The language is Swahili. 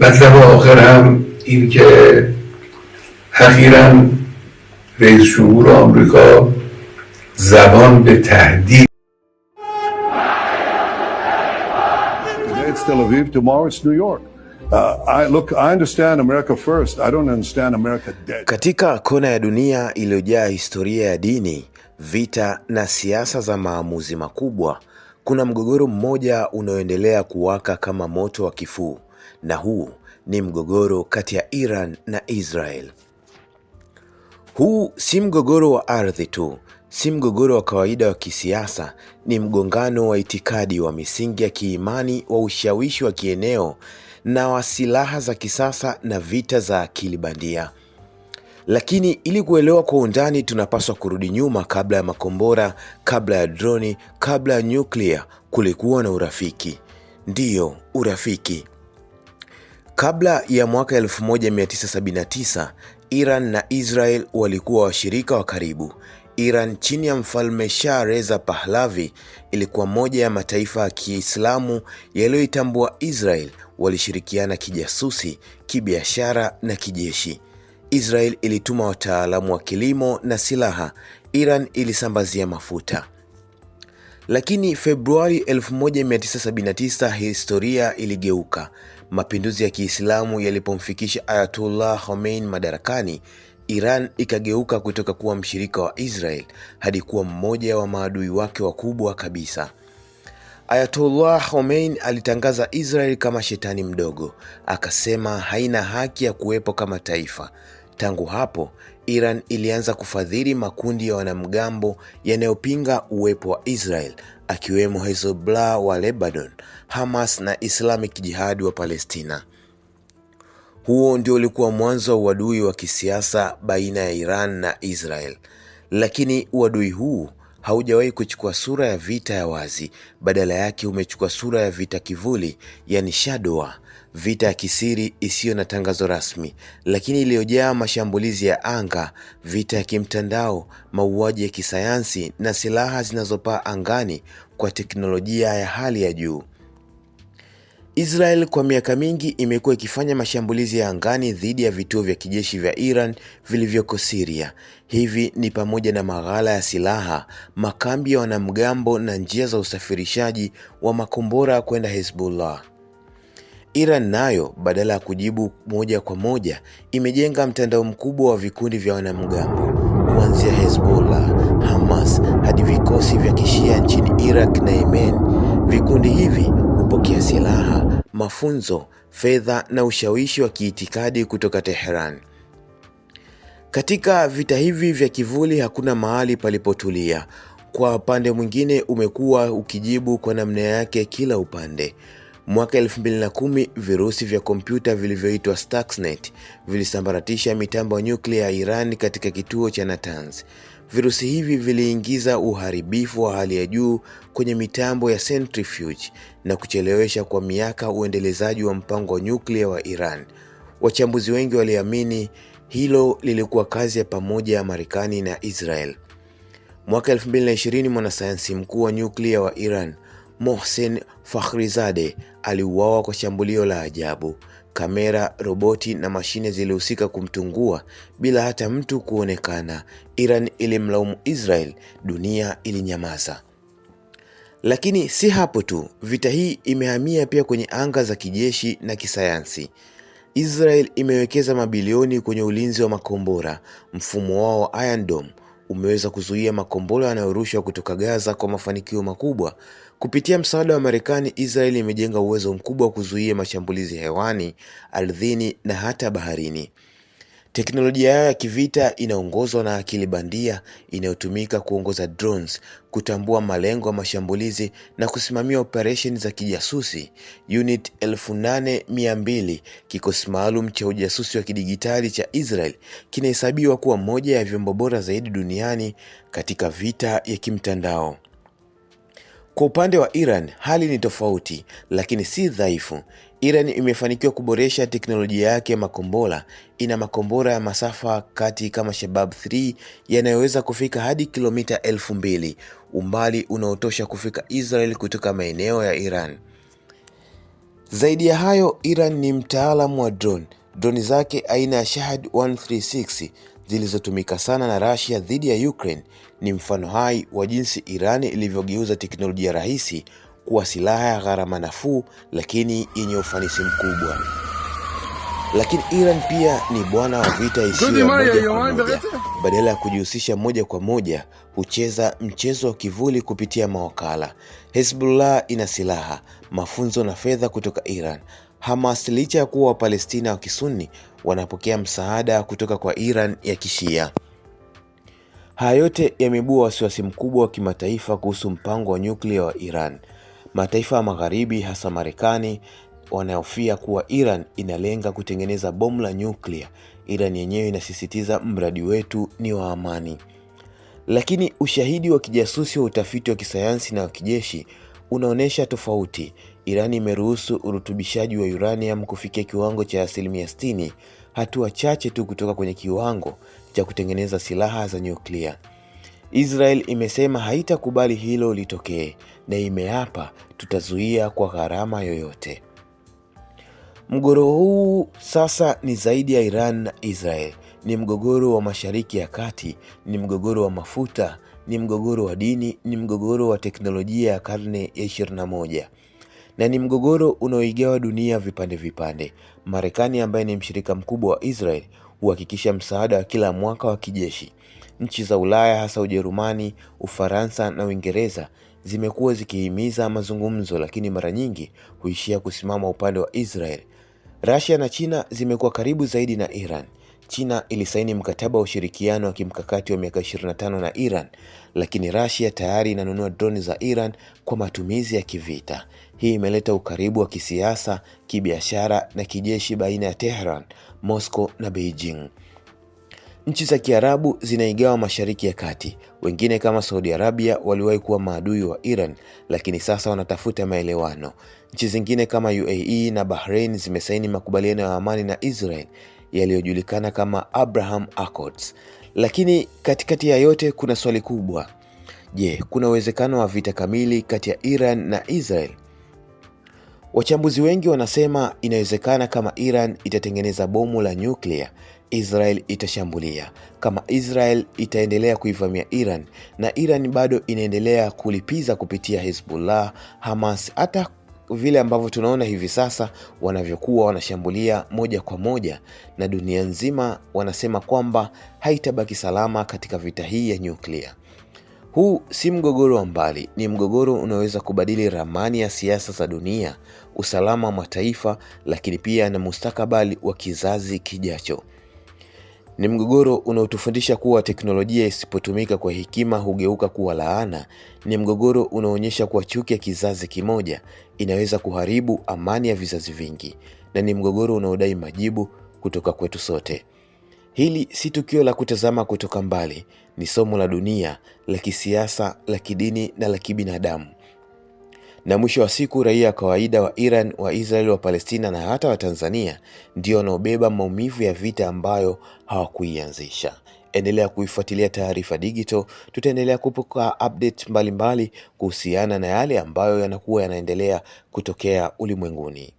مطلب آخر هم این که اخیرا رئیس جمهور آمریکا زبان به تهدید Tel Aviv, tomorrow it's New York. Uh, I, look, I understand America first. I don't understand America dead. Katika kona ya dunia iliyojaa historia ya dini, vita na siasa za maamuzi makubwa kuna mgogoro mmoja unaoendelea kuwaka kama moto wa kifuu, na huu ni mgogoro kati ya Iran na Israel. Huu si mgogoro wa ardhi tu, si mgogoro wa kawaida wa kisiasa, ni mgongano wa itikadi, wa misingi ya kiimani, wa ushawishi wa kieneo na wa silaha za kisasa na vita za akili bandia. Lakini ili kuelewa kwa undani, tunapaswa kurudi nyuma. Kabla ya makombora, kabla ya droni, kabla ya nyuklia, kulikuwa na urafiki. Ndiyo, urafiki. Kabla ya mwaka 1979 Iran na Israel walikuwa washirika wa karibu. Iran chini ya mfalme Shah Reza Pahlavi ilikuwa moja ya mataifa ya Kiislamu yaliyoitambua Israel. Walishirikiana kijasusi, kibiashara na kijeshi. Israel ilituma wataalamu wa kilimo na silaha, Iran ilisambazia mafuta. Lakini Februari 1979 historia iligeuka. Mapinduzi ya Kiislamu yalipomfikisha ayatullah Khomeini madarakani, Iran ikageuka kutoka kuwa mshirika wa Israel hadi kuwa mmoja wa maadui wake wakubwa kabisa. ayatullah Khomeini alitangaza Israel kama shetani mdogo, akasema haina haki ya kuwepo kama taifa. Tangu hapo, Iran ilianza kufadhili makundi ya wanamgambo yanayopinga uwepo wa Israel, akiwemo Hezbollah wa Lebanon, Hamas na Islamic Jihad wa Palestina. Huo ndio ulikuwa mwanzo wa uadui wa kisiasa baina ya Iran na Israel. Lakini uadui huu haujawahi kuchukua sura ya vita ya wazi, badala yake umechukua sura ya vita kivuli, yani shadow war, vita ya kisiri isiyo na tangazo rasmi, lakini iliyojaa mashambulizi ya anga, vita ya kimtandao, mauaji ya kisayansi na silaha zinazopaa angani kwa teknolojia ya hali ya juu. Israel kwa miaka mingi imekuwa ikifanya mashambulizi ya angani dhidi ya vituo vya kijeshi vya Iran vilivyoko Syria. Hivi ni pamoja na maghala ya silaha, makambi ya wanamgambo na njia za usafirishaji wa makombora kwenda Hezbollah. Iran nayo badala ya kujibu moja kwa moja, imejenga mtandao mkubwa wa vikundi vya wanamgambo kuanzia Hezbollah, Hamas hadi vikosi vya Kishia nchini Iraq na Yemen. Vikundi hivi hupokea silaha mafunzo, fedha na ushawishi wa kiitikadi kutoka Teheran. Katika vita hivi vya kivuli hakuna mahali palipotulia. Kwa upande mwingine, umekuwa ukijibu kwa namna yake kila upande. Mwaka 2010 virusi vya kompyuta vilivyoitwa Stuxnet vilisambaratisha mitambo ya nyuklia ya Iran katika kituo cha Natanz. Virusi hivi viliingiza uharibifu wa hali ya juu kwenye mitambo ya centrifuge na kuchelewesha kwa miaka uendelezaji wa mpango wa nyuklia wa Iran. Wachambuzi wengi waliamini hilo lilikuwa kazi ya pamoja ya Marekani na Israel. Mwaka 2020 mwanasayansi mkuu wa nyuklia wa Iran Mohsen Fakhrizadeh aliuawa kwa shambulio la ajabu. Kamera, roboti na mashine zilihusika kumtungua bila hata mtu kuonekana. Iran ilimlaumu Israel, dunia ilinyamaza. Lakini si hapo tu, vita hii imehamia pia kwenye anga za kijeshi na kisayansi. Israel imewekeza mabilioni kwenye ulinzi wa makombora. Mfumo wao wa Iron Dome umeweza kuzuia makombora yanayorushwa kutoka Gaza kwa mafanikio makubwa, Kupitia msaada wa Marekani, Israeli imejenga uwezo mkubwa wa kuzuia mashambulizi hewani, ardhini na hata baharini. Teknolojia yao ya kivita inaongozwa na akili bandia inayotumika kuongoza drones, kutambua malengo ya mashambulizi na kusimamia operesheni za kijasusi. Unit 8200, kikosi maalum cha ujasusi wa kidijitali cha Israel, kinahesabiwa kuwa moja ya vyombo bora zaidi duniani katika vita ya kimtandao. Kwa upande wa Iran hali ni tofauti, lakini si dhaifu. Iran imefanikiwa kuboresha teknolojia yake ya makombora. Ina makombora ya masafa kati kama shabab 3 yanayoweza kufika hadi kilomita elfu mbili, umbali unaotosha kufika Israel kutoka maeneo ya Iran. Zaidi ya hayo, Iran ni mtaalamu wa drone. Droni zake aina ya Shahad 136 zilizotumika sana na Russia dhidi ya Ukraine ni mfano hai wa jinsi Iran ilivyogeuza teknolojia rahisi kuwa silaha ya gharama nafuu lakini yenye ufanisi mkubwa. Lakini Iran pia ni bwana wa vita isiyo ya moja kwa moja. Badala ya kujihusisha moja kwa moja, hucheza mchezo wa kivuli kupitia mawakala. Hezbollah ina silaha, mafunzo na fedha kutoka Iran. Hamas licha ya kuwa Wapalestina wa Kisuni wanapokea msaada kutoka kwa Iran ya Kishia. Haya yote yameibua wasiwasi mkubwa wa kimataifa kuhusu mpango wa nyuklia wa Iran. Mataifa ya Magharibi hasa Marekani wanahofia kuwa Iran inalenga kutengeneza bomu la nyuklia. Iran yenyewe inasisitiza mradi wetu ni wa amani. Lakini ushahidi wa kijasusi wa utafiti wa kisayansi na wa kijeshi unaonyesha tofauti. Irani imeruhusu urutubishaji wa uranium kufikia kiwango cha asilimia 60, hatua chache tu kutoka kwenye kiwango cha kutengeneza silaha za nyuklia. Israel imesema haitakubali hilo litokee na imeapa tutazuia kwa gharama yoyote. Mgogoro huu sasa ni zaidi ya Iran na Israel, ni mgogoro wa Mashariki ya Kati, ni mgogoro wa mafuta, ni mgogoro wa dini, ni mgogoro wa teknolojia ya karne ya 21 na ni mgogoro unaoigawa dunia vipande vipande. Marekani ambaye ni mshirika mkubwa wa Israel huhakikisha msaada wa kila mwaka wa kijeshi. Nchi za Ulaya hasa Ujerumani, Ufaransa na Uingereza zimekuwa zikihimiza mazungumzo, lakini mara nyingi huishia kusimama upande wa Israel. Russia na China zimekuwa karibu zaidi na Iran China ilisaini mkataba wa ushirikiano wa kimkakati wa miaka 25 na Iran, lakini Russia tayari inanunua droni za Iran kwa matumizi ya kivita. Hii imeleta ukaribu wa kisiasa, kibiashara na kijeshi baina ya Tehran, Moscow na Beijing. Nchi za Kiarabu zinaigawa Mashariki ya Kati. Wengine kama Saudi Arabia waliwahi kuwa maadui wa Iran, lakini sasa wanatafuta maelewano. Nchi zingine kama UAE na Bahrain zimesaini makubaliano ya amani na Israel yaliyojulikana kama Abraham Accords. Lakini katikati ya yote kuna swali kubwa. Je, kuna uwezekano wa vita kamili kati ya Iran na Israel? Wachambuzi wengi wanasema inawezekana. Kama Iran itatengeneza bomu la nyuklia, Israel itashambulia. Kama Israel itaendelea kuivamia Iran na Iran bado inaendelea kulipiza kupitia Hezbollah, Hamas, hata vile ambavyo tunaona hivi sasa wanavyokuwa wanashambulia moja kwa moja, na dunia nzima wanasema kwamba haitabaki salama katika vita hii ya nyuklia. Huu si mgogoro wa mbali, ni mgogoro unaoweza kubadili ramani ya siasa za dunia, usalama wa mataifa, lakini pia na mustakabali wa kizazi kijacho. Ni mgogoro unaotufundisha kuwa teknolojia isipotumika kwa hekima hugeuka kuwa laana. Ni mgogoro unaonyesha kuwa chuki ya kizazi kimoja inaweza kuharibu amani ya vizazi vingi, na ni mgogoro unaodai majibu kutoka kwetu sote. Hili si tukio la kutazama kutoka mbali, ni somo la dunia, la kisiasa, la kidini na la kibinadamu na mwisho wa siku raia wa kawaida wa Iran, wa Israel, wa Palestina na hata wa Tanzania ndio wanaobeba maumivu ya vita ambayo hawakuianzisha. Endelea kuifuatilia Taarifa Digital, tutaendelea kupoka update mbalimbali kuhusiana na yale ambayo yanakuwa yanaendelea kutokea ulimwenguni.